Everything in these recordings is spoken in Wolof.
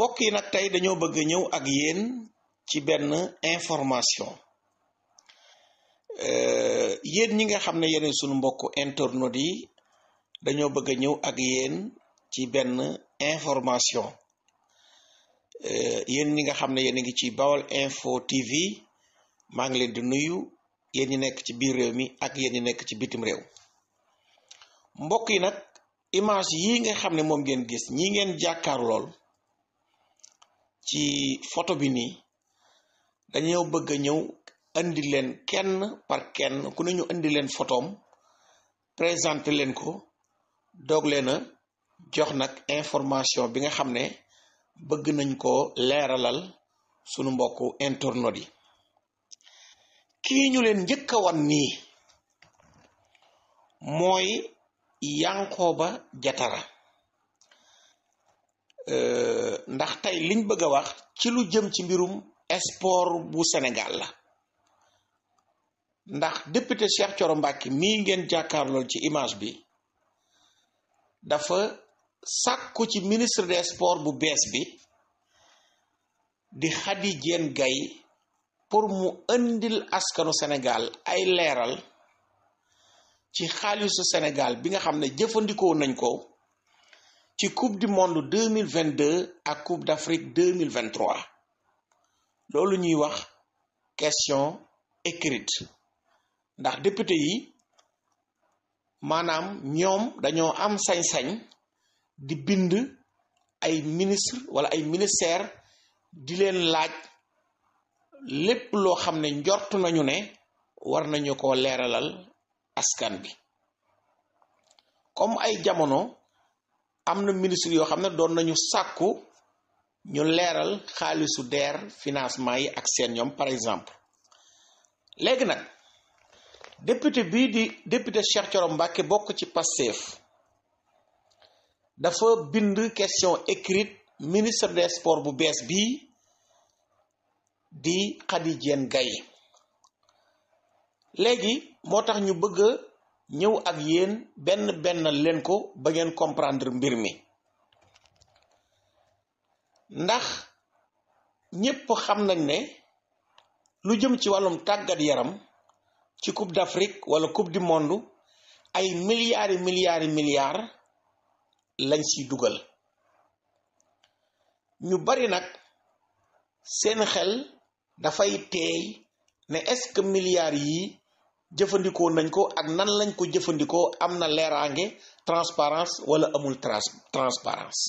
mbokk yi nag tey dañoo bëgg a ñëw ak yéen ci benn information euh, yéen ñi nga xam ne yeneen sunu mbokk internautes yi dañoo bëgg a ñëw ak yéen ci benn information euh, yéen ñi nga xam ne yéen a ngi ci Bawal Info TV maa ngi leen di nuyu yéen ñi nekk ci biir réew mi ak yéen ñi nekk ci bitim réew mbokk yi nag image yi nga xam ne moom ngeen gis ñi ngeen jàkkaar lool ci photo bi nii dañoo bëgg a ñëw indi leen kenn par kenn ku ne ñu indi leen photoom présenté leen ko doog leen jox nag information bi nga xam ne bëgg nañ ko leeralal sunu mbokk internautes yi kii ñu leen njëkk a wan nii mooy ba jatara Euh, ndax tey liñ bëgg a wax ci lu jëm ci mbirum sport bu senegal la ndax député Cheikh Thioro Mbacké mii ngeen jàkkaarlool ci image bi dafa sàkku ci ministre de spoor bu bees bi di Khady Diène gay pour mu indil askanu Sénégal ay leeral ci xaalisu Sénégal bi nga xam ne jëfandikoo nañ ko ci coupe du monde mille vingt deux ak coupe d'Afrique deux mille vingt trois loolu ñuy wax question écrite ndax député yi maanaam ñoom dañoo am sañ-sañ di bind ay ministre wala ay ministère di leen laaj lépp loo xam ne njort nañu ne war nañu ko leeralal askan bi comme ay jamono am na ministre yoo xam ne doon nañu sàkku ñu leeral xaalisu DER financement yi ak seen ñoom par exemple léegi nag député bii di député Cheikh Thioro Mbacké bokk ci Pastef dafa bind question écrite ministre des sports bu bees bii di Khady Diène léegi moo tax ñu bëgg ñëw ak yéen benn benn leen ko ba ngeen comprendre mbir mi ndax ñépp xam nañ ne lu jëm ci wàllum tàggat yaram ci coupe d'Afrique wala coupe du monde ay milliards yi lañ ci dugal ñu bari nag seen xel dafay teey ne est-ce que milliards yi jëfandikoo nañ ko ak nan lañ ko jëfandikoo am na leeraange transparence wala amul trans transparence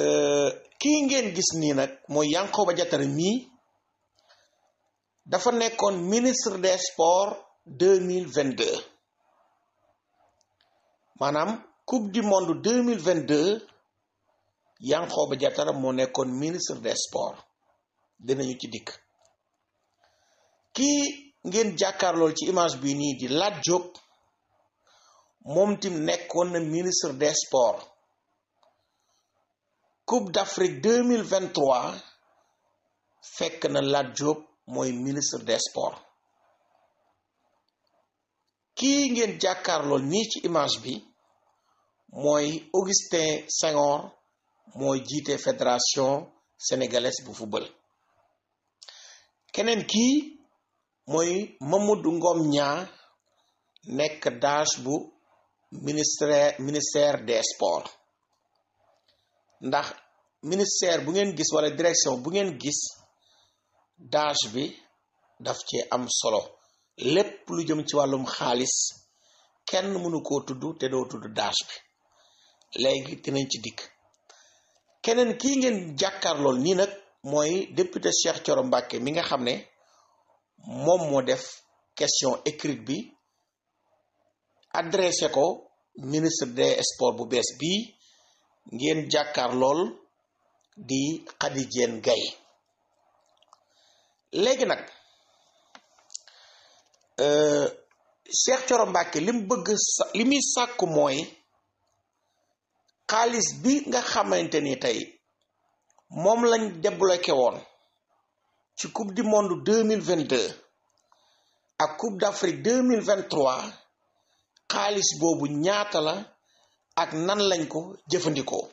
euh, kii ngeen gis nii nag mooy Yankhoba Diattara mii dafa nekkoon ministre des sports deux mille vingt deux maanaam coupe du monde deux mille vingt deux Yankhoba Diattara moo nekkoon ministre des sports dinañu ci dikk. kii ngeen jàkkaarlool ci image bi nii di Lat Diop moom tim nekkoon na ministre des sports coupe d'Afrique 2023 fekk na Lat Diop mooy ministre des sports kii ngeen jàkkaarlool nii ci image bi mooy Augustin Senghor mooy jiite fédération sénégalaise bu football keneen kii mooy Mamadou ngoom ñaa nekk daas bu ministère ministère des ndax ministère bu ngeen gis wala direction bu ngeen gis daas bi daf ci am solo lépp lu jëm ci wàllum xaalis kenn mënu ko tudd te doo tudd daas bi léegi dinañ ci dikk keneen kii ngeen jàkkaarlool nii nag mooy député Cheikh coro Mbacké mi nga xam ne moom moo def question écrite bi adressé ko ministre des sports bu bees bi ngeen jàkkaar lool di Khady Diène Gaye léegi nag euh, Cheikh Thioro Mbacké li bëgg li muy sàkku mooy xaalis bi nga xamante ni tey moom lañ débloqué woon ci coupe du monde deux mille vingt deux ak coupe d' afrique deux mille vingt xaalis boobu ñaata la ak nan lañ ko jëfandikoo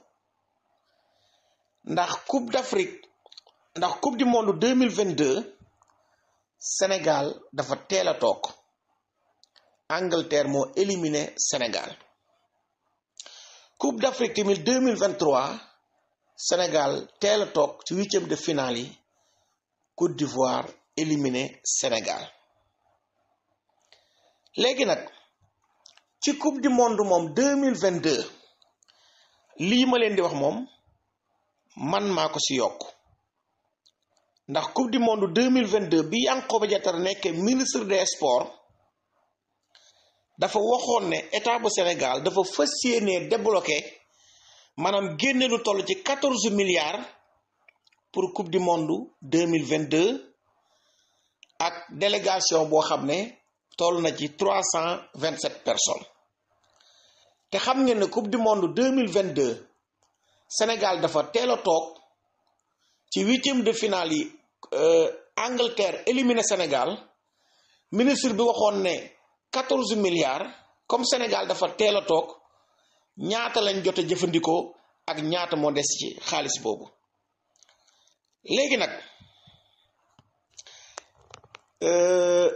ndax coupe d' ndax coupe du monde deux mille vingt deux Sénégal dafa teel a toog Angleterre moo éliminé Sénégal coupe d' afrique tamit mille vingt trois Sénégal teel a toog ci huitième de finale yi. Côte d'Ivoire éliminé Sénégal léegi nag ci coupe du monde moom deux mille vingt deux lii ma leen di wax moom man maa ko ci yokk ndax coupe du monde deux mille vingt deux bi Yankhoba Diattara nekkee ministre des sports dafa waxoon ne état bu Sénégal dafa fas yéenee débloqué maanaam génne lu toll ci quatorze milliards. pour coupe du monde deux mille vingt deux ak délégation boo xam ne toll na ci trois cent vingt sept personnes te xam ngeen ne coupe du monde deux mille vingt deux Sénégal dafa teel a toog ci huitième de finale yi euh, Angleterre éliminer Sénégal ministre bi waxoon ne quatorze milliards comme Sénégal dafa teel a toog ñaata lañ jot a jëfandikoo ak ñaata moo des ci xaalis boobu. léegi nag euh,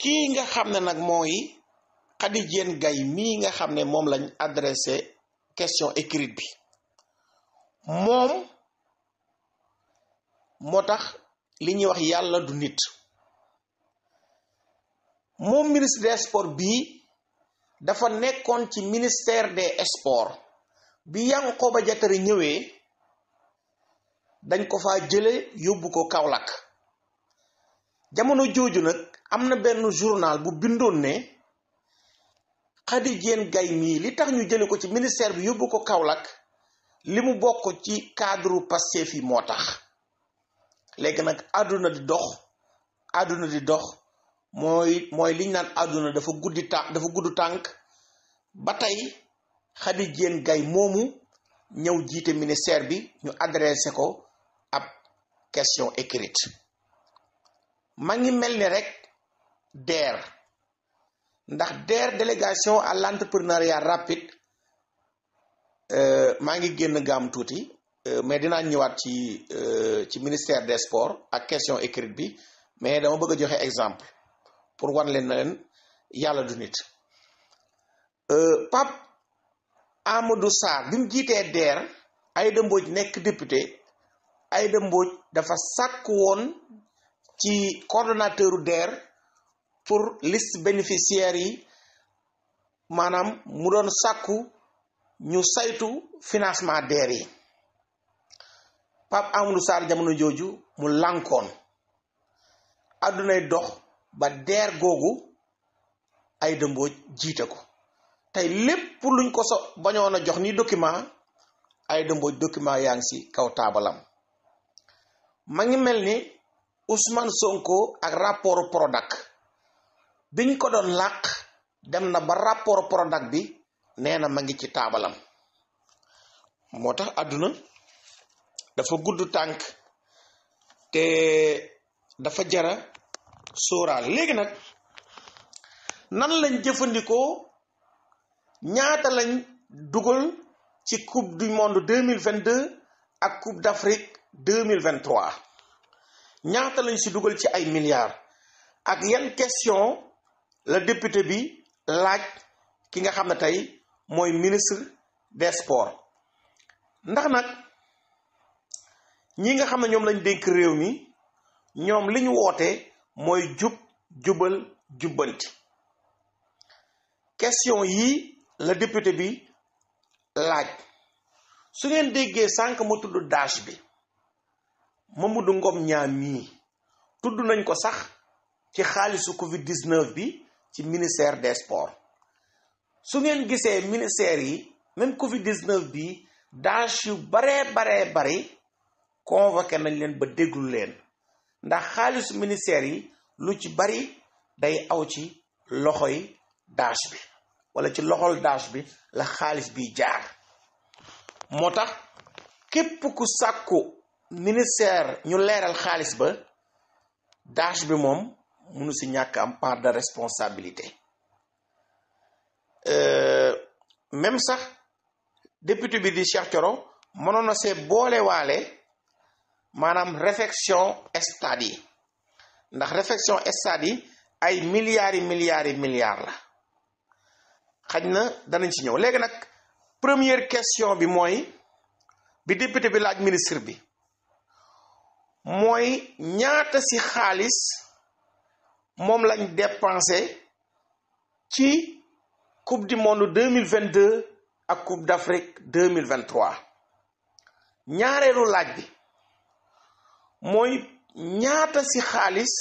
kii nga xam ne nag mooy Khady Diène Gaye mii nga xam ne moom lañu adressé question écrite bi moom moo tax li ñuy wax yàlla du nit moom ministre des sports bii dafa nekkoon ci ministère des sports bi ba Diattara ñëwee dañ ko fa jële yóbbu ko Kaolack jamono jooju nag am na benn journal bu bindoon ne Khady Diène Gaye mii li tax ñu jële ko ci ministère bi yóbbu ko Kaolack li mu bokk ci cadre Pastef yi moo tax léegi nag àdduna di dox àdduna di dox mooy mooy liñ naan àdduna dafa guddi tànk gudd tànk ba tey Khady Diène Gaye moomu ñëw jiite ministère bi ñu adressé ko ab question écrite ma ngi mel ni rek DER ndax DER délégation à l'entrepreneuriat rapide euh, maa ngi génn gam tuuti euh, mais dinaa ñëwaat ci euh, ci ministère des sports ak question écrite bi mais dama bëgg a joxe exemple pour wan leen na leen yàlla du nit Pape du Sarr bi jiite jiitee ay Aïda Mbodj nekk député Aïda Mbodj dafa sàkk woon ci coordonnateur u DER pour list bénéficiaires yi maanaam mu doon sàkku ñu saytu financement DER yi Pape Amadou Sarr jamono jooju mu lànkoon àddunay dox ba DER googu Aïda Mbodj jiite ko tey lépp luñ ko so bañoon a jox ni document Aïda Mbodj document yaa ngi ci kaw taabalam ma ngi mel ni Ousmane Sonko ak rapport Prodac biñ ko doon làq dem na ba rapport Prodac bi nee na ma ngi ci taabalam moo tax àdduna dafa gudd tànk te dafa jara sóoraal léegi nag nan lañ jëfandikoo ñaata lañ dugal ci coupe du monde deux mille vingt deux ak coupe d'Afrique deux mille vingt trois ñaata lañ si dugal ci ay milliards ak yan question la député bi laaj ki nga xam ne tey mooy ministre des sports ndax nag ñi nga xam ne ñoom lañ dégg réew mi ñoom li ñu woote mooy jub jubal jubbanti question yii la député bi laaj su ngeen déggee sànq ma tudd dash bi Mamadou Ngom ñaam mii tudd nañ ko sax ci xaalisu Covid 19 bi ci ministère des sports su ngeen gisee ministère yi même Covid 19 bi daas yu baree baree bari convoqué nañ leen ba déglu leen ndax xaalisu ministère yi lu ci bari day aw ci loxoy daas bi wala ci loxol daas bi la xaalis bi jaar moo tax képp ku sàkku ministère ñu leeral xaalis ba dash bi moom mënu si ñàkk am part de responsabilité euh, même sax député bi di Cheikh Thioro mënoon na see waale maanaam réfection stade yi ndax réfection stade yi ay milliards yi milliards yi milliards la xaj na danañ ci ñëw léegi nag première question bi mooy bi député bi laaj ministre bi mooy ñaata ci xaalis moom lañ dépensé ci coupe du monde deux mille vingt deux ak coupe d'Afrique deux mille vingt ñaareelu laaj bi mooy ñaata ci xaalis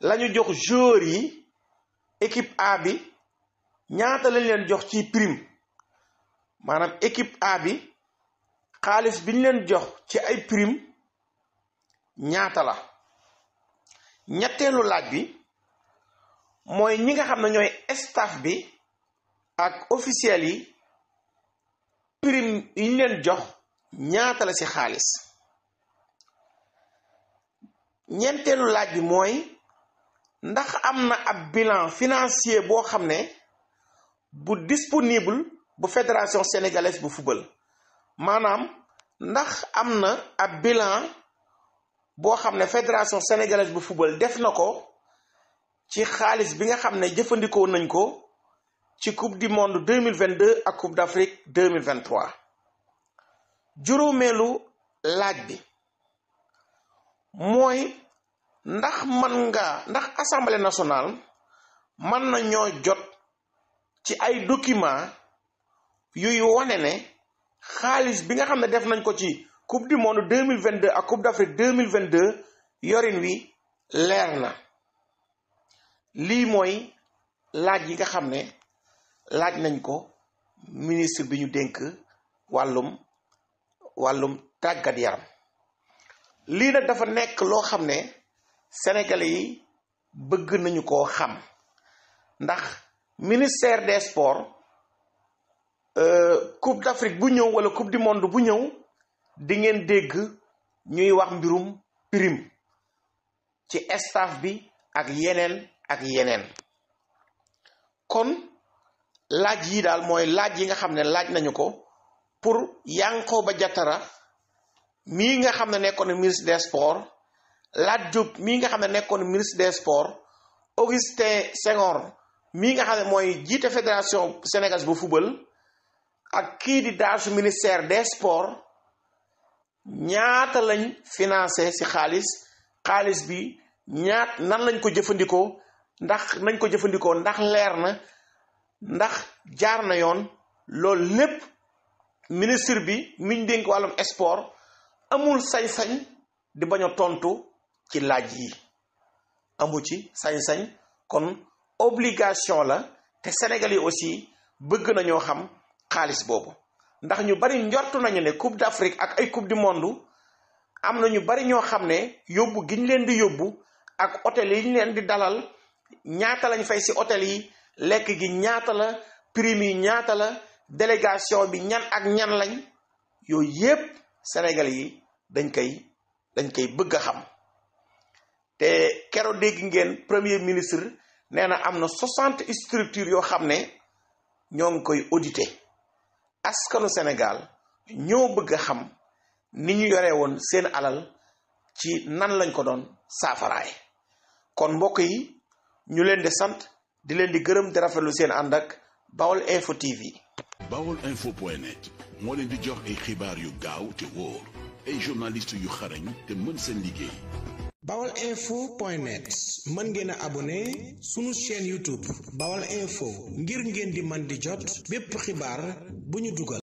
lañu jox joueurs yi équipe A bi ñaata lañ leen jox ci prime maanaam équipe A bi xaalis biñu leen jox ci ay prime ñaata la ñetteelu laaj bi mooy ñi nga xam ne ñooy staff bi ak officiel yi prime yi ñu jox ñaata la ci xaalis ñeenteelu laaj bi mooy ndax am na ab bilan financier boo xam ne bu disponible bu fédération sénégalaise bu football maanaam ndax am na ab bilan boo xam ne fédération sénégalaise bu football def na ko ci xaalis bi nga xam ne jëfandikoo nañ ko ci coupe du monde deux mille vingt deux ak coupe d' afrique deux mille juróomeelu laaj bi mooy ndax man nga ndax assemblée nationale mën na ñoo jot ci ay document yuy wane ne xaalis bi nga xam ne def nañ ko ci coupe du monde deux mille vingt deux ak coupe d' afrique deux mille vingt deux yorin wi leer na lii mooy laaj yi nga xam ne laaj nañ ko ministre bi ñu dénk wàllum wàllum tàggat yaram lii nag dafa nekk loo xam ne sénégalais yi bëgg nañu koo xam ndax ministère des sports euh, coupe d' bu ñëw wala coupe du monde bu ñëw di ngeen dégg ñuy wax mbirum pirim ci staff bi ak yeneen ak yeneen kon laaj yi daal mooy laaj yi nga xam ne laaj nañu ko pour Yankhoba Diattara mii nga xam ne nekkoon ministre des sports Lat Diop mii nga xam ne nekkoon ministre des sport Augustin Senghor mii nga xam ne mooy jiite fédération sénégal bu football ak kii di daasu ministère des sports ñaata lañ financé ci xaalis xaalis bi ñaat nan lañ ko jëfandikoo ndax nañ ko jëfandikoo ndax leer na ndax jaar na yoon loolu lépp ministre bi miñ dénk wàllum sport amul sañ-sañ di bañ a tontu ci laaj yi amu ci sañ-sañ kon obligation la te Sénégal yi aussi bëgg nañoo xam xaalis boobu ndax ñu bari njortu nañu ne coupe d'Afrique ak ay coupe du monde am na ñu bari ñoo xam ne yóbbu gi ñu leen di yóbbu ak hôtel yi ñu leen di dalal ñaata lañ fay si hôtel yi lekk gi ñaata la prime yi ñaata la délégation bi ñan ak ñan lañ yooyu yépp Sénégal yi dañ koy dañ koy bëgg a xam te kero dégg ngeen premier ministre nee na am na soixante structures yoo xam ne ñoo ngi koy audité askanu Sénégal ñoo bëgg xam ni ñu yore woon seen alal ci nan lañ ko doon saafaraay kon mbokk yi ñu leen di sant di leen di gërëm di rafetlu seen ànd ak Baol Info TV. Baol Info moo leen di jox ay xibaar yu gaaw te wóor ay journaliste yu xarañ te mën seen liggéey. bawal info point net mën ngeen a abonné sunu chaîne youtube bawal info ngir ngeen di man di jot bépp xibaar bu ñu dugal